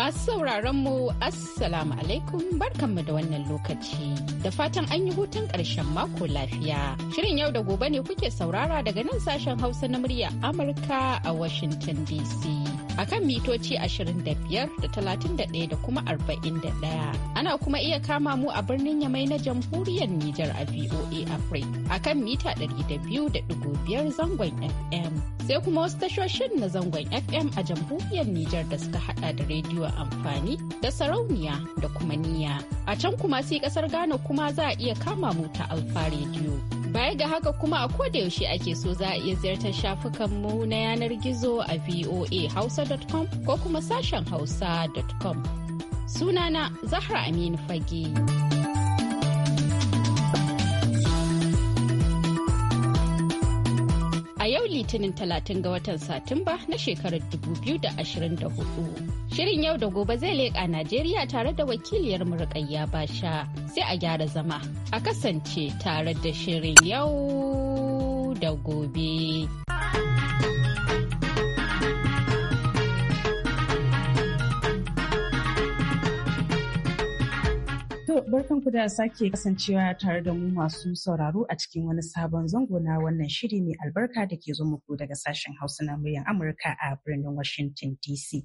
Masu sauraron mu Assalamu alaikum barkanmu da wannan lokaci. Da fatan an yi hutun ƙarshen mako lafiya. Shirin yau da gobe ne kuke saurara daga nan sashen Hausa na murya Amurka a Washington DC. a kan mitoci 25 da 31 da kuma 41. Ana kuma iya kama mu a birnin Yamai na jamhuriyar Nijar a VOA Africa a kan mita 200.5 zangon FM. Sai kuma wasu tashoshin na zangon FM a jamhuriyar Nijar da suka hada da rediyo amfani da sarauniya da kuma niya. A can kuma sai kasar Ghana kuma za a iya kama mu ta Alfa rediyo Baya da haka kuma a kodayaushe ake so za a iya ziyartar shafukanmu na yanar gizo a voahausa.com ko kuma sashen hausa.com. Sunana Zahra Aminu Fage. litinin 30 ga watan satumba na shekarar 2024 shirin yau da gobe zai leƙa najeriya tare da wakiliyar murƙayya sha, sai a gyara zama a kasance tare da shirin yau da gobe. barkanku da sake kasancewa tare da mu masu sauraro a cikin wani sabon zango na wannan shiri mai albarka da ke zo muku daga sashen Hausa na muryar Amurka a birnin Washington DC.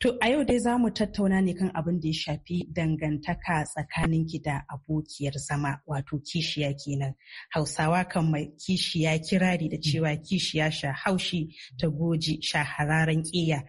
To a yau dai za mu tattauna ne kan abin da ya shafi dangantaka tsakanin ki da abokiyar zama wato kishiya kenan. Hausawa kan mai kishiya kirari da cewa kishiya sha haushi ta goji sha hararen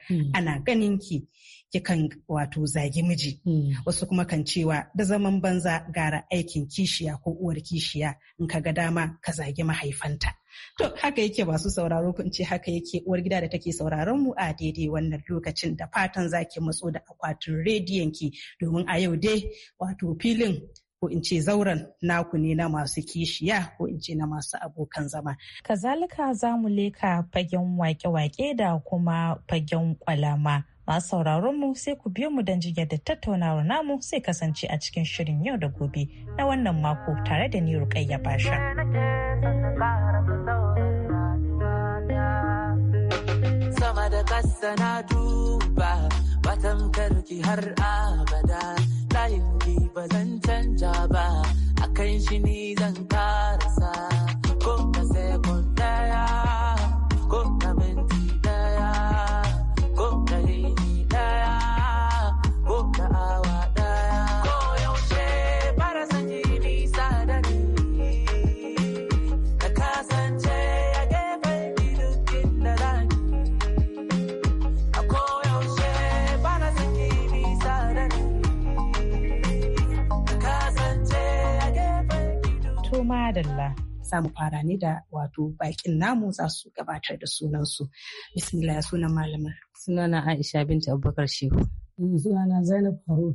hmm. ana ganin ki. kikan wato zagi miji hmm. wasu kuma kan cewa da zaman banza gara aikin kishiya ko uwar kishiya in ka ga dama ka zagi mahaifanta to haka yake masu sauraro kun ce haka yake uwar gida da take sauraron mu a daidai wannan lokacin da fatan zaki matso da akwatin rediyon ki domin a yau dai wato filin ko in ce zauren naku ne na masu kishiya ko in ce na masu abokan zama. Kazalika za mu leka fagen wake-wake da kuma fagen kwalama. Masu sauraron mu sai ku biyo mu don jinyar da tattaunawar namu sai kasance a cikin shirin yau da gobe na wannan mako tare da ni Rukayya Basha. Sama da kasa duba karki abada layin ba zan canja ba akan shi ni zan karasa. za mu fara ne da wato bakin namu za su gabatar da sunansu. Bismillah sunan malamar. Sunana Aisha binta Abubakar Shehu. Sunana Zainab Faru.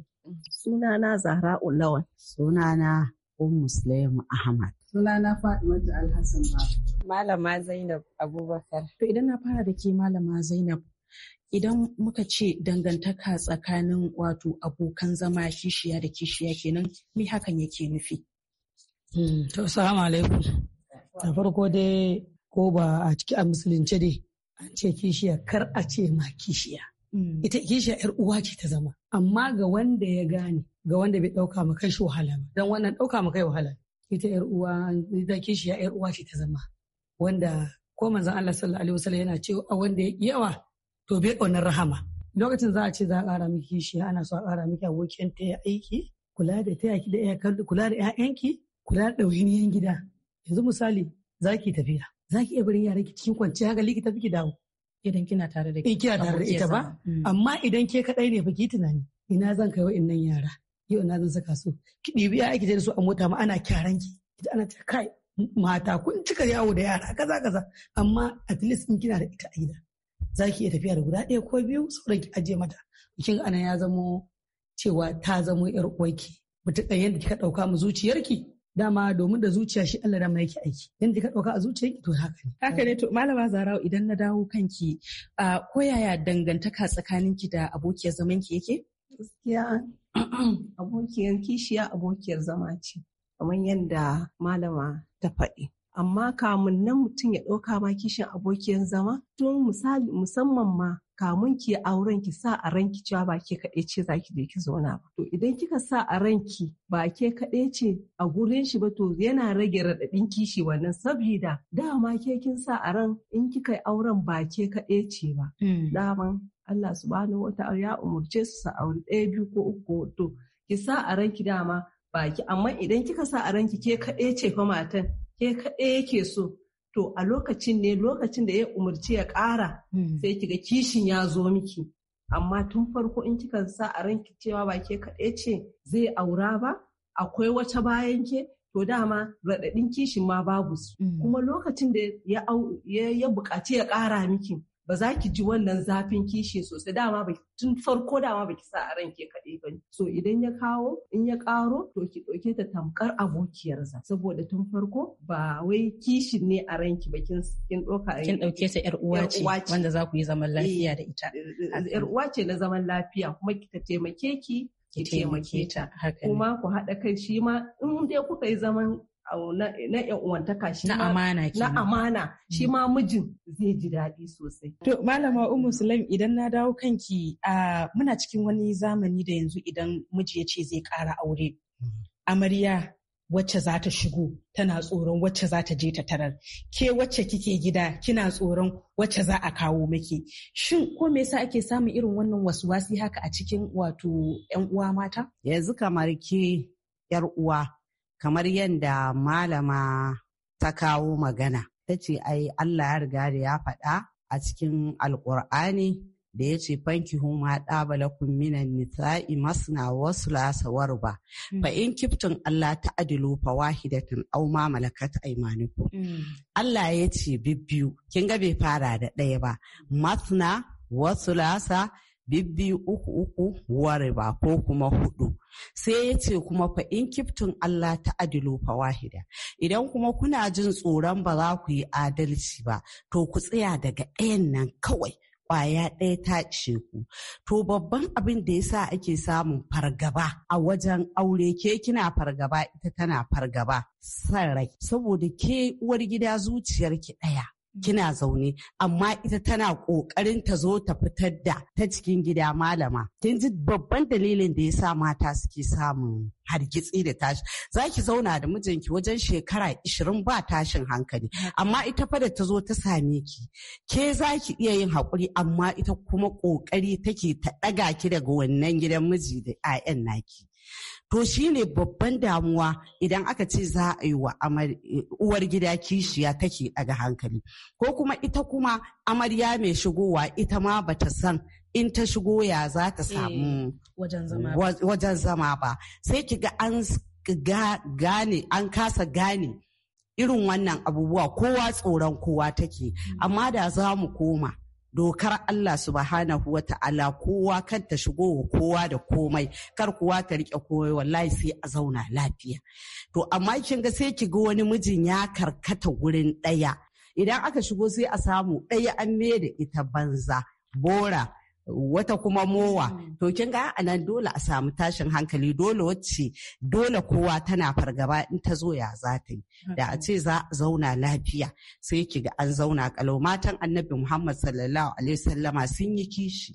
Sunana Zahra Ulawan. Sunana Ummu Sulaimu Ahmad. Sunana Fatimatu Alhassan Malama Zainab Abubakar. To idan na fara da ke Malama Zainab, idan muka ce dangantaka tsakanin wato abokan zama kishiya da kishiya kenan me hakan yake nufi? Hmm, to, salamu alaikum. da farko dai ko ba a ciki a musulunce dai an ce kishiya kar a ce ma kishiya mm. ita kishiya yar uwa ce ta zama amma ga wanda ya gane ga wanda bai dauka ma kai shi wahala ba dan wannan dauka ma kai wahala ita yar uwa ita kishiya yar uwa ce ta zama wanda ko manzon Allah sallallahu alaihi wasallam yana cewa a wanda ya yawa to bai kaunar rahama lokacin za a ce za a ƙara miki kishiya ana so a ƙara miki abokin ta ya aiki kula da ta yaki da kula da ƴaƴanki kula da ɗawainiyan gida yanzu misali za ki tafiya za ki iya barin yaran ki cikin kwanciyar haka ki tafi ki dawo idan kina tare da kina tare da ita ba mm. amma idan ke kadai ne fa tunani ina zan kai wa'annan yara yau ina zan saka su ki ɗibi ya aiki da su a mota ma ana kyaran ki ana ta kai mata kun cika yawo da yara kaza kaza amma at least in kina da ita a gida za ki iya tafiya da guda ɗaya ko biyu sauran ki ajiye mata kin ana ya zamo cewa ta zamo yar uwarki ɗayan yadda kika ɗauka mu zuciyarki dama domin da zuciya shi Allah dama yake aiki yanda ka dauka a zuciyarki to haka ne haka ne to malama zarau idan na dawo kanki ko yaya dangantaka tsakaninki da abokiyar zamanki yake gaskiya abokiyar kishiya abokiyar zama ce kamar yadda malama ta faɗi amma kamun nan mutum ya ɗauka ma kishin abokiyan zama tun misali musamman ma kamun ki auren ki sa a ranki cewa ba ke kaɗai ce za ki je ki zauna ba to idan kika sa a ranki ba ke kaɗai ce a gurin shi ba to yana rage raɗaɗin kishi wannan saboda dama ke kin sa a ran in kika auren ba ke kaɗai ce ba hmm. daman Allah subhanahu wata ya umurce su sa auri ɗaya biyu ko uku to ki sa a ranki dama baki amma idan kika sa a ranki ke kaɗai ce fa matan ke kaɗai yake so to a lokacin ne lokacin da ya umarci ya ƙara hmm. sai kiga kishin ya zo miki amma tun farko in kika sa a ranki cewa ba ke kaɗai ce zai aura ba akwai wata bayan ke to dama raɗaɗin kishin ma babu su hmm. kuma lokacin da ya buƙaci ya ƙara miki ba za ki ji wannan zafin kishi sosai dama ba tun farko dama ba ki sa a ranke kaɗai ba so idan ya kawo in ya ƙaro to ki ɗauke ta tamkar abokiyar za saboda tun farko ba wai kishin ne a ranki ba kin kin ɗauka kin ɗauke ta yar uwa ce wanda za ku yi zaman eh, lafiya da ita Yar eh, eh, uwa ce na zaman lafiya kuma ki ta taimake ki ki taimake ta kuma ku haɗa kai shi ma in dai kuka yi zaman na yan uwantaka shi na amana na amana shi mm. ma mijin zai ji daɗi sosai to malama ummu sulaim idan na dawo kanki a muna cikin wani zamani da yanzu idan miji ya ce zai ƙara aure mm. amarya wacce za ta shigo tana tsoron wacce za ta je ta tarar ke wacce kike gida kina tsoron wacce za a kawo miki shin ko me yasa ake samun irin wannan wasuwasi haka a cikin wato yan uwa mata yanzu kamar ke yar uwa kamar yadda malama ta kawo magana ta ce ai Allah ya riga da ya faɗa a cikin alkur'ani da ya ce fanki huma ɗabala minan nisa'i masna wasu lasawar ba hmm. fa in kiftun Allah ta adilu fa wahidatan au ma malakat aymanikum hmm. Allah ya ce bibbiyu kin ga bai fara da ɗaya ba masna wasu lasa Bibbi uku uku ba ko kuma hudu sai ya ce kuma fa in kiftin Allah ta adilu fa wahida idan kuma kuna jin tsoron ba za ku yi adalci ba to ku tsaya daga ɗayan nan kawai kwaya ɗaya ta ce ku. To babban abin da ya sa ake samun fargaba a wajen aure ke kina fargaba ita tana fargaba san rai. Saboda ke uwar gida zuciyarki ɗaya kina zaune amma ita tana kokarin ta zo ta fitar da ta cikin gida malama kin ji babban dalilin da ya sa mata suke samun hargitsi da tashi za ki zauna da mijinki wajen shekara ishirin ba tashin hankali amma ita fa da ta zo ta same ki ke za ki iya yin haƙuri amma ita kuma ƙoƙari take ta ɗaga ki daga wannan gidan miji da 'ya'yan naki To shi ne babban damuwa idan aka ce za a yi wa uwar gida kishiya take daga hankali. Ko kuma ita kuma amarya mai shigowa ita ma bata san in ta shigo ya za ta eh, samu wajen zama ba. Sai ki ga an gane an kasa gane irin wannan abubuwa kowa tsoron kowa take. Mm. Amma da za mu koma. dokar Allah subhanahu wa ta'ala kowa kan ta shigo wa kowa da komai kar kuwa ta rike komai wallahi sai a zauna lafiya to amma kin ga sai ki ga wani mijin ya karkata gurin ɗaya idan aka shigo sai a samu ɗaya an me da ita banza bora wata kuma mowa mm. to kin ga nan dole a samu tashin hankali dole wacce dole kowa tana fargaba in ta zo ya za ta yi da a ce za a zauna lafiya sai ki ga an zauna kalau matan annabi Muhammad sallallahu alaihi wasallama sun yi kishi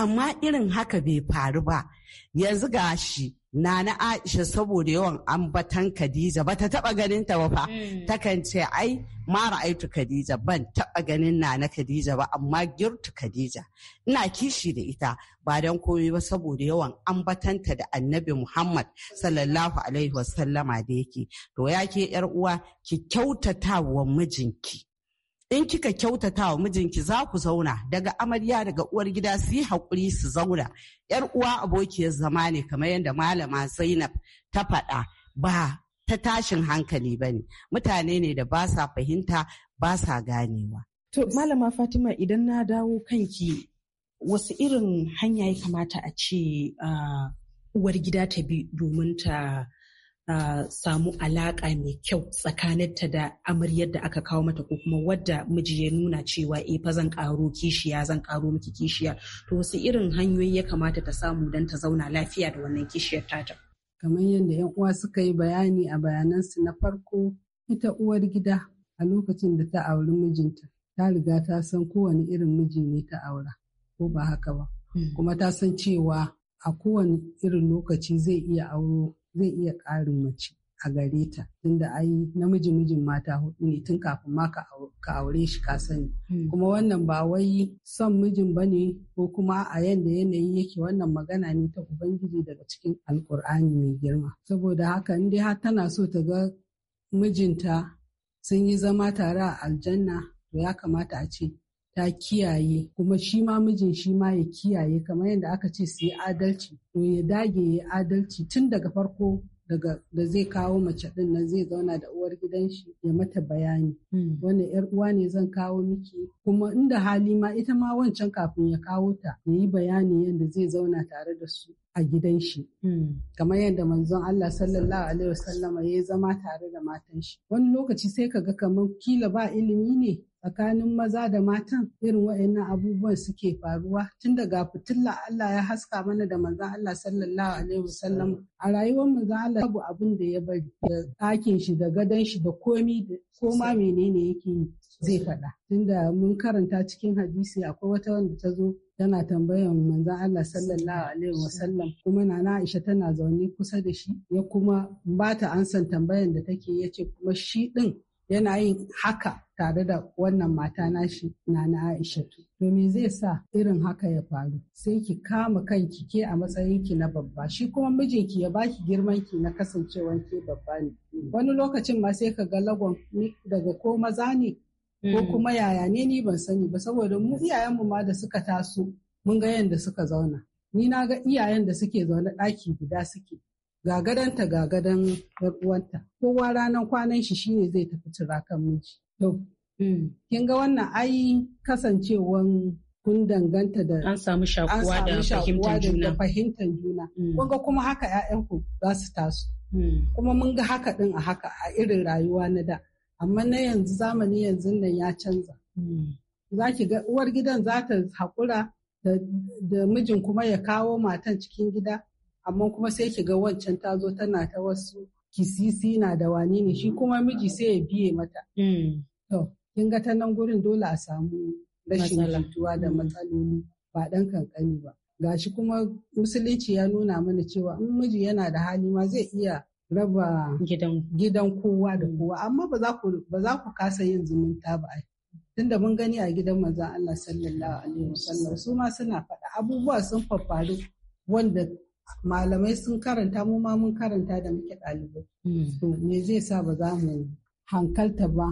amma irin haka bai faru ba yanzu gashi shi na na aisha saboda yawan ambatan khadija ba ta taba ganin ta ba fa mm. takan ce ai mara aitu khadija ban taba ganin na na khadija ba amma girtu khadija ina kishi da ita ba don komai ba saboda yawan ambatanta da annabi muhammad sallallahu alaihi wasallama da yake to ya ke yar uwa ki kyautatawa mijinki in kika kyautata wa mijinki za ku zauna daga amarya daga uwar gida su yi haƙuri su zauna yar uwa abokiyar zama ne kamar yadda malama zainab ta faɗa ba ta tashin hankali ba ne mutane ne da ba sa fahimta ba sa ganewa to malama fatima idan na dawo kanki wasu irin hanya ya kamata a ce ah, uwar gida ta bi domin ta a samu alaƙa mai kyau tsakaninta da amaryar da aka kawo mata ko kuma wadda miji ya nuna cewa e fa zan ƙaro kishiya zan ƙaro miki kishiya to wasu irin hanyoyi ya kamata ta samu don ta zauna lafiya da wannan kishiyar tata. kamar yadda yan uwa suka yi bayani a bayanan su na farko ita uwar gida a lokacin da ta auri mijinta ta riga ta san kowane irin miji ne ta aura ko ba haka ba hmm. kuma ta san cewa a kowane irin lokaci zai iya auro zai iya ƙarin mace a gare ta tunda ai namiji mijin mata hudu ne tun kafin ma ka aure shi ka sani hmm. kuma wannan ba wai son mijin ba ne ko kuma a yanda yanayi yake wannan magana ne ta ubangiji daga cikin alkur'ani mai girma saboda haka in dai har tana so ta ga mijinta sun yi zama tare a aljanna to ya kamata a ce ta kiyaye kuma shi ma mijin shi ma ya kiyaye kamar yadda aka ce su yi adalci to ya dage ya adalci tun daga farko daga da zai kawo mace din nan zai zauna da uwar gidan shi ya mata bayani hmm. Wani yar uwa ne zan kawo miki kuma inda hali ma ita ma wancan kafin ya kawo ta ya yi bayani yadda zai zauna tare da su a gidan shi hmm. kamar yadda manzon Allah sallallahu alaihi wasallama ya zama tare da matan shi wani lokaci sai ka ga kamar kila ba ilimi ne tsakanin maza da matan irin wa'annan abubuwan suke faruwa tun daga fitilla Allah ya haska mana da manzon Allah sallallahu alaihi wasallam a rayuwar manzon Allah babu abin da ya bari da ɗakin shi da gadon shi da komi da koma menene yake zai faɗa tunda mun karanta cikin hadisi akwai wata wanda ta zo tana tambayan manzon Allah sallallahu alaihi wasallam kuma nana Aisha tana zaune kusa da shi ya kuma ba ta ansan tambayan da take yace kuma shi din yana yin haka tare da wannan mata nashi na na To Domin zai sa irin haka ya faru sai ki kama kanki ke a matsayinki na babba shi kuma mijinki ya baki girman ki na kasancewan ke babba ne. Mm. Wani lokacin ma sai ka ga lagon daga ko maza ne ko mm. kuma yaya ne ni ban sani ba saboda mu iyayenmu ma da suka taso mun ga yadda suka zauna. Ni na ga iyayen da suke zaune ɗaki guda suke gagadanta gagadan uwanta kowa ranar kwanan shi shi ne zai tafi kan miji. To, mm. kin ga wannan ai kasancewan kun danganta da an samu shakuwa da fahimtar juna. Mm. Kun ga kuma haka 'ya'yanku za su taso. Mm. Kuma mun ga haka ɗin a haka a irin rayuwa na da. Amma na yanzu zamani yanzu nan ya canza. Za ki ga uwar gidan za ta haƙura da mijin kuma ya kawo matan cikin gida. Amma kuma sai ki ga wancan ta zo tana ta wasu kisisi na da wani ne shi kuma miji sai ya biye mata. Hmm. To, kin ga ta nan gurin dole a samu rashin jituwa da hmm. matsaloli ba ɗan kankani ba. Gashi kuma musulunci ya nuna mana cewa in miji yana da hali ma zai iya raba gidan kowa da hmm. kowa amma ba za ku kasa yin zumunta ba tunda mun gani a gidan manzon Allah sallallahu alaihi wasallam su ma suna faɗa abubuwa sun faffaru wanda malamai sun karanta mu ma mun karanta da muke ɗalibai hmm. so me zai sa ba za mu hankalta ba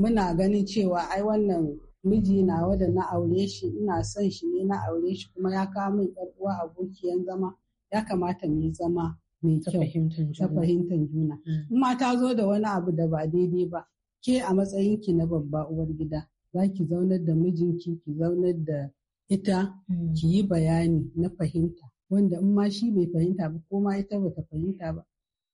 muna ganin cewa ai wannan miji na wadda na aure shi ina son shi ne na aure shi kuma ya kawo min yar uwa abokiyan zama ya kamata mu zama mai kyau ta fahimtar juna hmm. in ma ta zo da wani abu da ba daidai ba ke a matsayinki na babba uwar gida za ki zaunar da mijinki ki zaunar da ita hmm. ki yi bayani na fahimta wanda in ma shi bai fahimta ba ko ma ita bata fahimta ba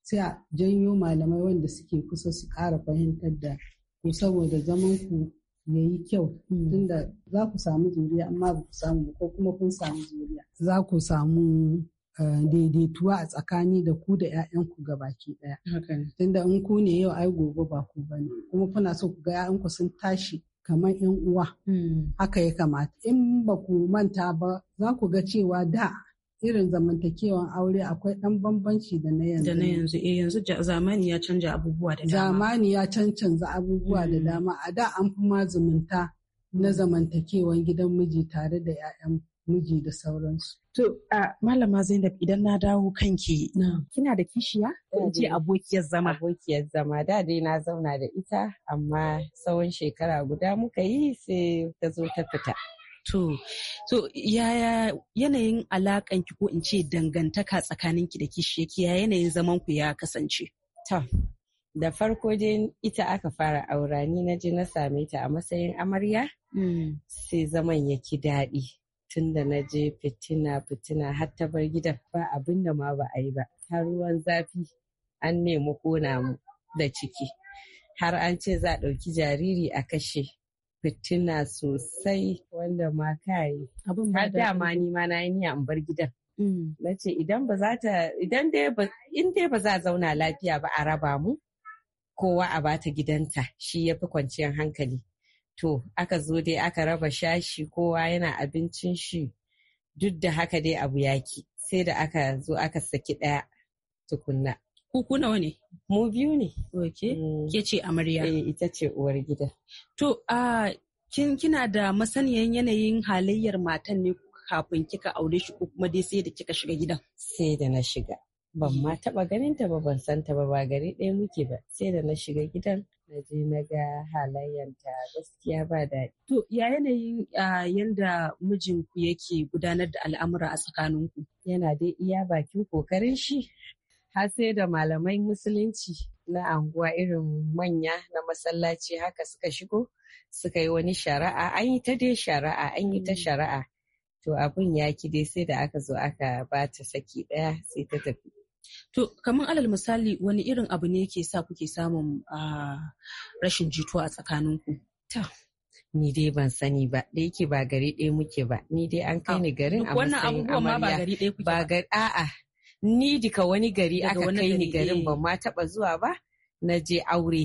sai a janyo malamai wanda suke kusa su ƙara fahimtar da ku saboda zaman ku ya yi kyau hmm. tunda za ku samu juriya amma ba ku samu ko kuma kun samu juriya za ku samu eh, daidaituwa a tsakani da ku da 'ya'yanku baki ɗaya. Tunda in ku ne yau ai gobe ba ku bane kuma kuna so ku ga 'ya'yanku sun tashi kamar 'yan uwa hmm. haka ya kamata in ba ku manta ba za ku ga cewa da irin zamantakewan aure akwai ɗan bambanci da na yanzu. Da na yanzu, eh yanzu zamani ya canja abubuwa da dama. Zamani ya cancanza abubuwa da mm-hmm. dama. A da an fi ma zumunta na zamantakewan gidan miji tare da 'ya'yan miji da sauransu. To, a Malama Zainab idan na dawo kanki, Na. kina da kishiya? Ko ce abokiyar zama? Abokiyar zama, da dai na zauna da ita, amma tsawon shekara guda muka yi sai ta zo ta fita. To, so yaya yanayin alakanki ko in ce dangantaka tsakaninki da yake ya yanayin zaman ku ya kasance? Ta da farko dai ita aka fara aura ni na je na same ta a matsayin amarya hmm. sai zaman ya ki daɗi tun da na je fitina fitina har ta bar gidan ba abin da ma ba a yi ba har ruwan zafi an nemi kona mu da ciki har an ce za a ɗauki jariri a kashe fitina sosai wanda ma yi. abin da dama ni ma na yi niyya in bar gidan mm. na ce idan ba za ta idan dai in dai ba za zauna lafiya ba a raba mu kowa a bata gidanta shi ya fi kwanciyar hankali to aka zo dai aka raba shashi kowa yana abincin shi duk da haka dai abu yaki sai da aka zo aka saki ɗaya tukunna ku ku nawa ne mu biyu ne oke mm. ke ce amarya eh ita ce uwar gida to kin kina da masaniyan yanayin halayyar matan ne kafin kika aure shi ko kuma dai sai da kika shiga gidan sai da na shiga ban ma mm. taba ganin ta ba ban san ta ba ba gari ɗaya muke ba sai da na shiga gidan na je na ga ta gaskiya ba daɗi. To ya yanayin yanda mijinku yake gudanar da al'amura a tsakaninku? Yana dai iya bakin kokarin shi har sai da malamai musulunci na anguwa irin manya na masallaci haka suka shigo suka yi wani shari'a an yi ta dai shari'a an yi ta mm. shari'a to abun ya ki dai sai da aka zo aka ba ta saki daya sai ta tafi to kamar alal misali wani irin abu ne ke sa kuke samun rashin jituwa a tsakaninku ni dai ban sani ba da yake ba gari ɗaya muke ba ni dai an kai ah, ni garin a matsayin amarya ba gari a'a ni dika wani gari aka kai ni garin eh. ban ma taba zuwa ba na je aure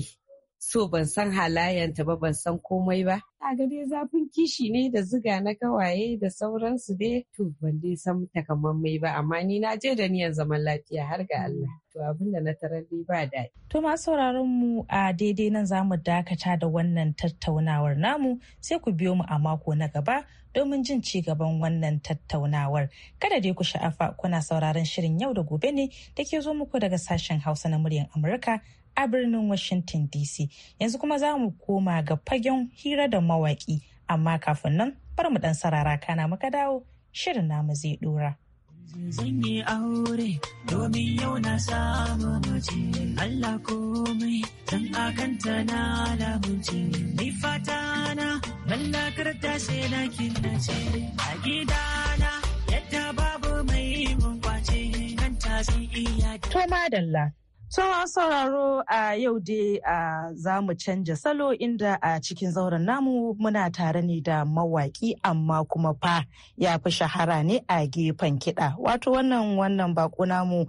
so ban san halayenta ba ban san komai ba a ga dai zafin kishi ne da ziga na kawaye da sauransu dai to ban dai san takamammai ba amma ni na je da niyan zaman lafiya har ga Allah to abin da na tarar dai ba daɗi to ma sauraron mu a daidai nan zamu dakata da wannan tattaunawar namu sai ku biyo mu a mako na gaba domin jin ci gaban wannan tattaunawar. Kada dai ku sha'afa kuna sauraron shirin yau da gobe ne da ke zo muku daga sashen Hausa na muryar Amurka a birnin Washington DC. Yanzu kuma za mu koma ga fagen hira da mawaƙi, amma kafin nan bar mu ɗan sarara kana muka dawo shirin namu zai ɗora. Zan yi yau na Allah komai, akanta na lamunci ni fata mallakar tashe na kinnace a gidana yadda babu mai mun kwace nan ta iya. To madalla Sauran sauraro a yau dai a za mu canja salo inda a cikin zauren namu muna tare ne da mawaki amma kuma fa ya fi shahara ne a gefen kiɗa. Wato wannan wannan bako namu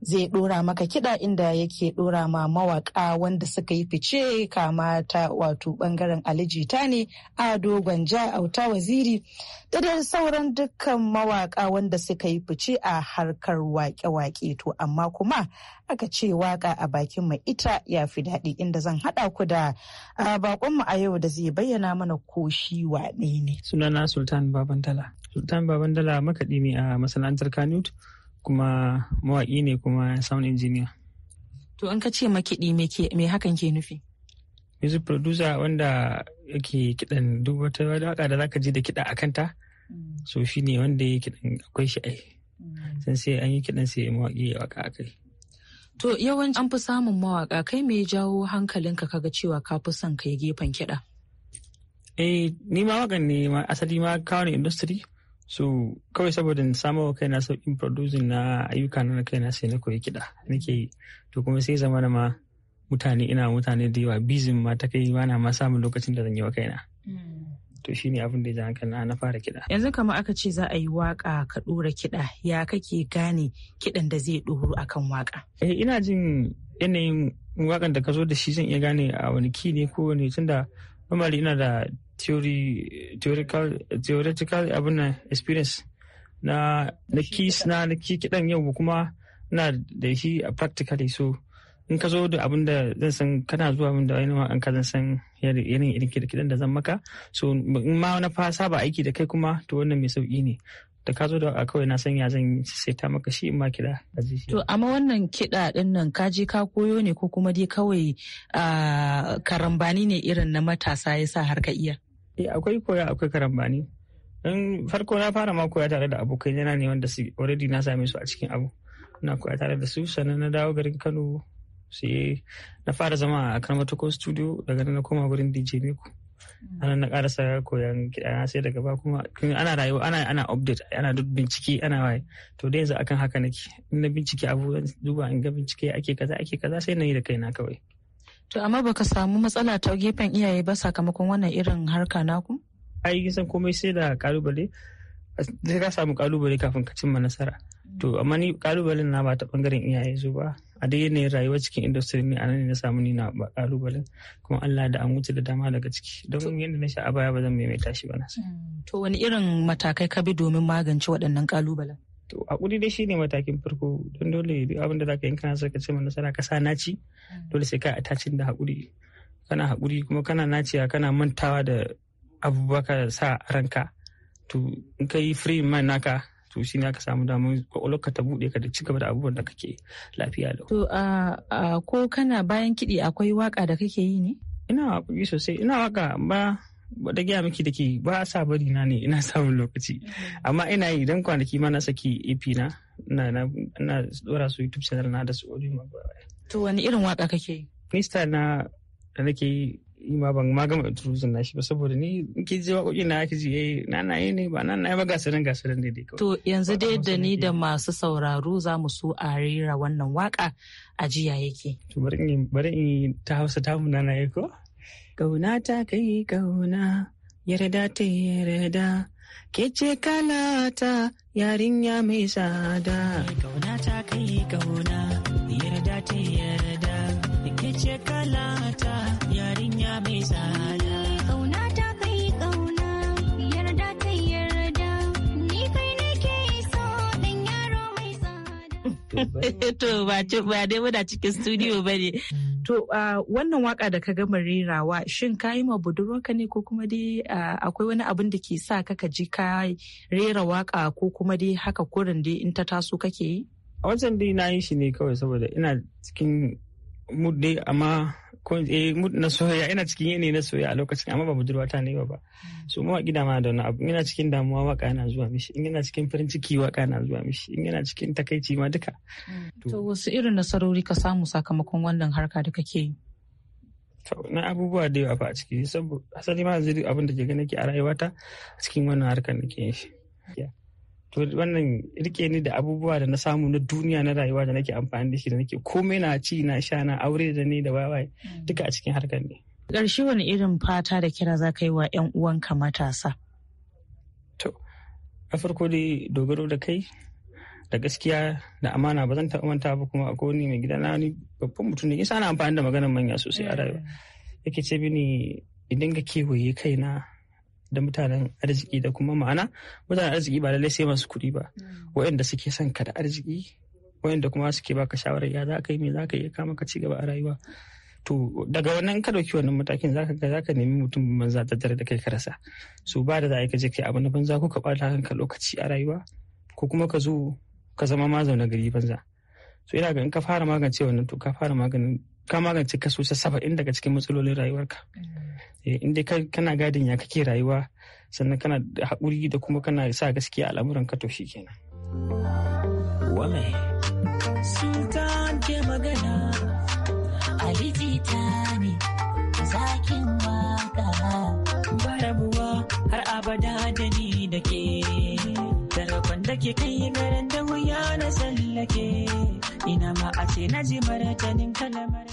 zai ɗora maka kiɗa inda yake ɗora ma mawaka wanda suka yi fice kama ta wato ɓangaren alijita ne ado gwanja ja auta waziri da dai sauran dukkan mawaka wanda suka yi fice a harkar wake-wake to amma kuma aka cewa waka a bakin mai ita ya fi daɗi inda zan haɗa ku da bakonmu a yau da zai bayyana mana ko shi wane ne. Sunana Sultan Babandala. Sultan Babandala makaɗi ne a masana'antar Kanut kuma mawaƙi ne kuma sound engineer. To an ka ce makiɗi me hakan ke nufi? Music producer wanda yake kiɗan duk wata waka da zaka ji da kiɗa a kanta. Mm. So shi ne wanda ya kiɗan akwai shi ai. Mm. San sai an yi kiɗan sai mawaƙi ya waka a kai. To yawanci an fi samun mawaka kai me jawo hankalinka kaga cewa ka fi son kai gefen kiɗa? Eh ni ma wakan ne asali ma kawo industry so kawai saboda na samu wa kaina sauƙin producing na ayyuka na kaina sai na koyi kiɗa nake yi to kuma sai zama na ma mutane ina mutane da yawa bizin ma ta kai ma na ma samun lokacin da zan yi wa kaina. to shi ne abin da ya hankali na fara kiɗa. Yanzu kama aka ce za a yi waƙa ka ɗora kiɗa ya kake gane kiɗan da zai ɗoro kan waƙa. Eh ina jin yanayin wakan da ka zo da shi zan iya gane a wani ki ne ko wani tunda normally ina da theoretical abin na experience na na kiɗan yau kuma na da shi a practically so in ka zo da abin da zan san kana zuwa min da wani wakan ka zan san irin irin kidan da zan maka so in ma na fa saba aiki da kai kuma to wannan mai sauki ne da ka zo da a kawai na sanya zan ta maka shi in ma kiɗa a To amma wannan kiɗa ɗin nan ka je ka koyo ne ko kuma dai kawai karambani ne irin na matasa ya sa har ka iya? Eh akwai koya akwai karambani. In farko na fara ma koya tare da abokai yana ne wanda su already na same su a cikin abu. Na koya tare da su sannan na dawo garin Kano sai na fara zama a karmatako studio daga nan na koma gurin dj miku mm. ana na karasa koyan kiɗa sai daga ba kuma ana rayuwa ana ana update ana duk bincike ana waye to da yanzu akan haka nake in na bincike abu duba in ga bincike ake kaza ake kaza sai na yi da kaina kawai to amma baka samu matsala ta gefen iyaye ba sakamakon wannan irin harka naku ai san komai sai da kalubale sai ka samu kalubale kafin ka cimma nasara mm. to amma ni kalubalen na ba ta bangaren iyaye zuwa. a dai yanayin rayuwa cikin industry ne a nan ne na samu ni na kalubalen kuma Allah da an wuce da dama daga ciki don yadda na sha a baya ba zan maimaita shi ba na mm, to wani irin matakai ka bi domin magance waɗannan kalubalen to hakuri dai shine matakin farko don dole duk abin da zaka yi kana so ka ce nasara ka sa naci mm. dole sai ka attachin da hakuri kana hakuri kuma kana naciya kana mantawa da abubakar sa ranka to in ka yi free man naka to shi ne aka samu damar ka ta buɗe ka da ci gaba da abubuwan da kake lafiya da to a ko kana bayan kiɗi akwai waka da kake yi ne ina yi sosai ina waka ba da gaya miki da ke ba sa bari na ne ina samun lokaci amma ina yi idan kwanaki ma na saki ep na na dora su youtube channel na da su audio to wani irin waka kake yi na da nake ma ban ma gama introduction na shi ba saboda ni ki ji waƙoƙi na ki ji eh na na yi ne ba na na yi ba gasarin gasarin ne dai to yanzu dai da ni da masu sauraro za mu so a rera wannan waka a jiya yake to bari in bari in ta Hausa ta mu na na yi ko Gauna ta kai gauna yarda ta yarda ke ce kalata yarinya mai tsada Gauna ta kai gauna yarda ta yarda ke ce kalata To ba dai muna cikin studio ba ne. To wannan waka da ka gama rerawa shin ka yi ma budurwarka ne ko kuma dai akwai wani abin da ke sa ka ji ka rera waka ko kuma dai haka kurin dai in ta taso kake yi? A wajen dai na yi shi ne kawai saboda ina cikin mood amma ko eh, na soyayya ina cikin yanayi na soyayya a lokacin amma ba budurwa ta ne ba mm. so mawaƙi gida ma da wani abu ina cikin damuwa waka yana zuwa mishi in yana cikin farin ciki waka yana zuwa mishi in yana cikin takaici ma duka mm. to wasu irin nasarori ka samu sakamakon wannan harka da kake yi na abubuwa da yawa fa a ciki saboda asali ma yanzu abin da ke gani ke a rayuwata a cikin wannan harkar da ke yin shi to wannan rike ni da abubuwa da na samu na duniya na rayuwa da nake amfani da shi da nake komai na ci na sha na aure da ni da wawaye mm. duka a cikin harkar ne ƙarshe wani irin fata da kira za ka yi wa 'yan uwanka matasa to a farko dai dogaro da kai da gaskiya da amana ba zan taɓa manta ba kuma akwai wani mai gida na wani babban mutum ne yasa na amfani da maganar manya sosai a rayuwa mm. yake ce mini idan ka kewaye kaina da mutanen arziki da kuma ma'ana mutanen arziki ba lallai sai masu kuɗi ba mm. waɗanda suke son ka da arziki waɗanda kuma suke baka shawarar ya za ka yi me za ka iya kama ka ci gaba a rayuwa to daga wannan ka dauki wannan matakin ka ga ka nemi mutum banza da dare da kai ka rasa so ba da za ka je kai abu na banza ko ka bata kanka lokaci a rayuwa ko kuma ka zo ka zama ma gari banza so ina ga in ka fara magance wannan to ka fara maganin ka magance kaso saba'in daga cikin matsalolin rayuwarka mm. eh, in dai kana gadin ya kake rayuwa sannan kana haƙuri da kuma kana sa gaskiya al'amuran ka to shi kenan Sultan magana Ali ne zakin waka barabuwa har abada da ni da ke talakon kai garin da wuya na sallake ina ma a ce na ji maratanin kalamar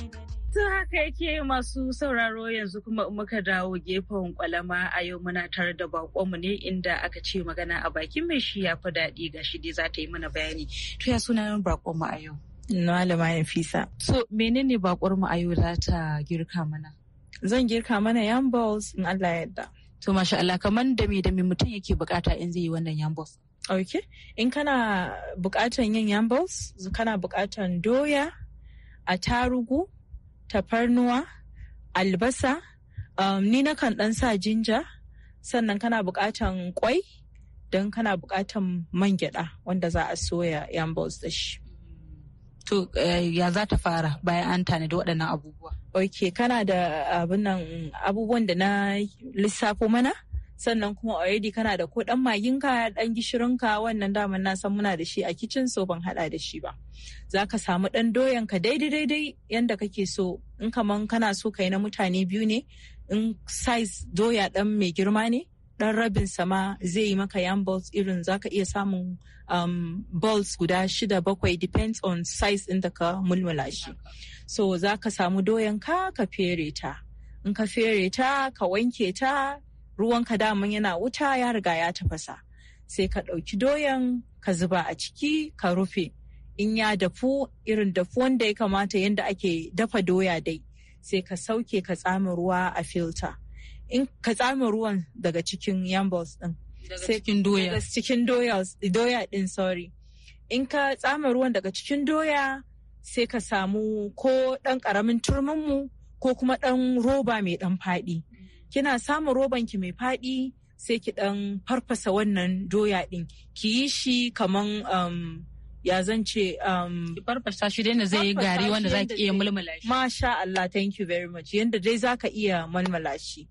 Tun haka yake masu sauraro yanzu kuma muka dawo gefen kwalama a yau muna tare da bakonmu ne inda aka ce magana a bakin mai shi ya fi daɗi ga shi dai za ta yi mana bayani. To ya suna yin bakonmu a yau. Malama fisa. So menene bakonmu a yau za ta girka mana? Zan girka mana yam balls in Allah yadda. To masha Allah kamar dami-dami, mutum yake bukata in zai yi wannan yam balls. ok in kana bukatan yin yambals kana bukatan doya atarugu tafarnuwa albasa um, ni na kan dan sa jinja sannan kana bukatan kwai don kana bukatan man gyada wanda za a soya yambals da shi to eh, ya za ta fara bayan an tanadi waɗannan abubuwa ok kana da abubuwan da na lissafo mana sannan kuma already kana da ko dan maginka dan gishirinka wannan daman na san muna da shi a kicin so ban hada da shi ba za ka samu dan doyan ka daidai daidai yanda kake so in kaman kana so kai na mutane biyu ne in size doya dan mai girma ne dan rabin sama zai yi maka yan balls irin za ka iya samun um, balls guda shida bakwai depends on size din da ka mulmula shi so za ka samu doyan ka ka fere ta in ka fere ta ka wanke ta ruwanka daman yana wuta ya riga ya tafasa sai ka ɗauki doyan ka zuba a ciki ka rufe in ya dafu irin dafu wanda ya kamata yadda ake dafa doya dai sai ka sauke ka tsami ruwa a filta in ka tsami ruwan daga cikin yambals din daga cikin doya daga cikin doya din sorry in ka tsami ruwan daga cikin doya sai ka samu ko ɗan ƙaramin turmin mu ko kuma ɗan roba mai ɗan faɗi kina samun roban ki mai faɗi sai ki ɗan farfasa wannan doya ɗin ki yi shi kaman um, ya zan ce um, farfasa shi dai zai yi gari wanda za ki iya mulmula shi masha Allah thank you very much yanda dai za ka iya mulmula shi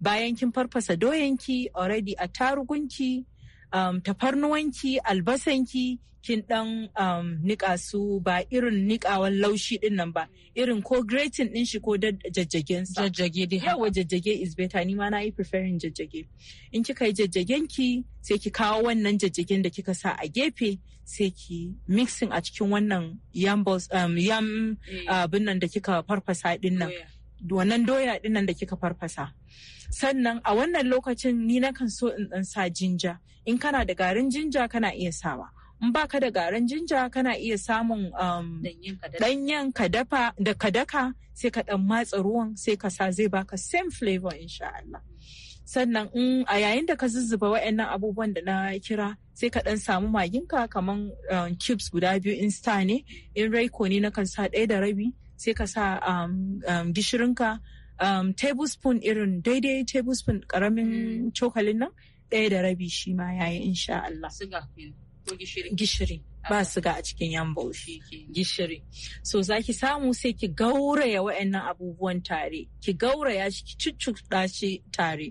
bayan kin farfasa doyanki already a tarugunki um, tafarnuwanki albasanki kin dan um, nika su ba irin nikawan laushi din nan ba irin ko grating din shi ko jajjagen sa jajjage dai yawa jajjage is better ni ma na yi preferring jajjage in kika yi jajjagen ki sai ki kawo wannan jajjagen da kika sa a gefe sai ki mixing a cikin wannan yam um, eh. abin nan da kika farfasa din nan oh, wannan doya dinnan da kika farfasa sannan a wannan lokacin ni na kan so in dan sa jinja in kana da garin jinja kana iya sawa in baka da garin jinja kana iya samun danyen um, ka dafa da ka daka sai ka dan matsa ruwan sai ka sa zai baka same flavor insha Allah sannan in a yayin da ka zuzzuba wa'annan abubuwan da na kira sai ka ɗan samu maginka kaman um, chips guda biyu in sa ne in raiko ne na kan sa ɗaya da rabi sai ka sa um, um, gishirinka um, tablespoon irin daidai tablespoon karamin mm. cokalin nan ɗaya da rabi shi ma yayi insha Allah. gishiri ba ah. su a cikin yan yambo gishiri so za ki samu sai ki gauraya wa'annan abubuwan tare ki gauraya shi ki cuccuɗa tare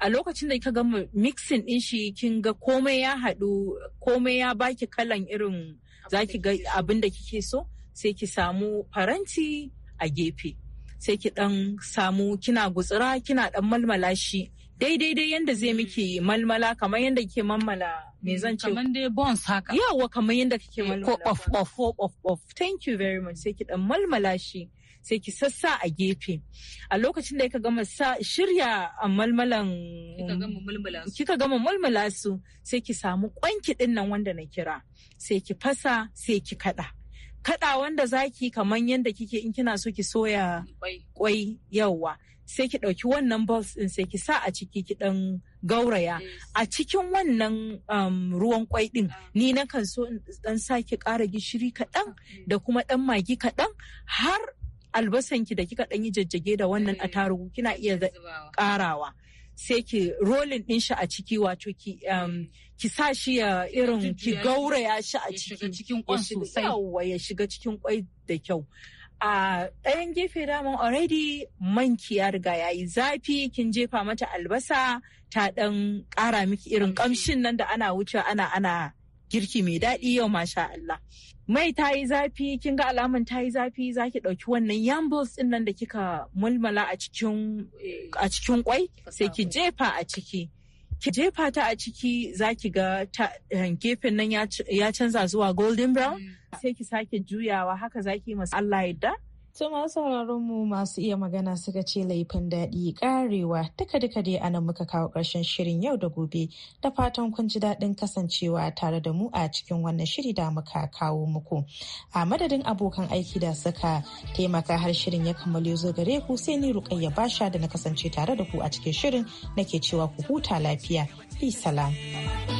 a lokacin da ka gama mixing ɗin shi kin ga komai ya haɗu komai ya baki kalan irin za ki ga abin da kike so sai ki samu faranti a gefe sai ki dan samu kina gutsura kina dan malmala shi daidai dai yanda zai mm. miki malmala kamar yanda ke malmala me zan ce kamar dai bones haka yawa kamar yanda kake eh, malmala ko of of of of thank you very much sai ki dan malmala shi sai ki sassa a gefe a lokacin da ka gama sa shirya a malmalan kika gama mulmula su sai ki samu kwanki din nan wanda na kira sai ki fasa sai ki kada kada wanda zaki kamar yadda kike in kina so ki soya kwai yawa sai ki ɗauki wannan balls ɗin sai ki sa a ciki ki ɗan gauraya a cikin wannan um, ruwan kwai ɗin ah. ni na kan so in ɗan sake ƙara gishiri kaɗan da kuma ɗan magi kaɗan har albasanki da kika ɗan yi jajjage da wannan eh. a kina iya ƙarawa sai ki rolin ɗin shi a ciki wato ki um, ki sa shi ya irin ki gauraya shi a ciki yawa ya shiga cikin kwai da kyau a ɗayan gefe daman already ki ya riga ya yi zafi kin jefa mata albasa ta ɗan ƙara miki irin ƙamshin nan da ana wuce ana ana girki mai daɗi yau masha Allah. Mai ta yi zafi, kin ga alaman ta yi zafi za ki ɗauki wannan yambos ɗin nan da kika mulmala a cikin eh, kwai sai ki jefa a ciki. Ki jefa ta a ciki za ki ga eh, gefen nan ya canza zuwa golden brown mm. sai ki sake juyawa haka za ki yi Allah yadda. To ma sauraron mu masu iya magana suka ce laifin daɗi ƙarewa duka duka dai anan muka kawo ƙarshen shirin yau da gobe da fatan kun ji daɗin kasancewa tare da mu a cikin wannan shiri da muka kawo muku. A madadin abokan aiki da suka taimaka har shirin ya kammalo zo gare ku sai ni ruƙayya basha da na kasance tare da ku a cikin shirin nake cewa ku huta lafiya. Bi salam.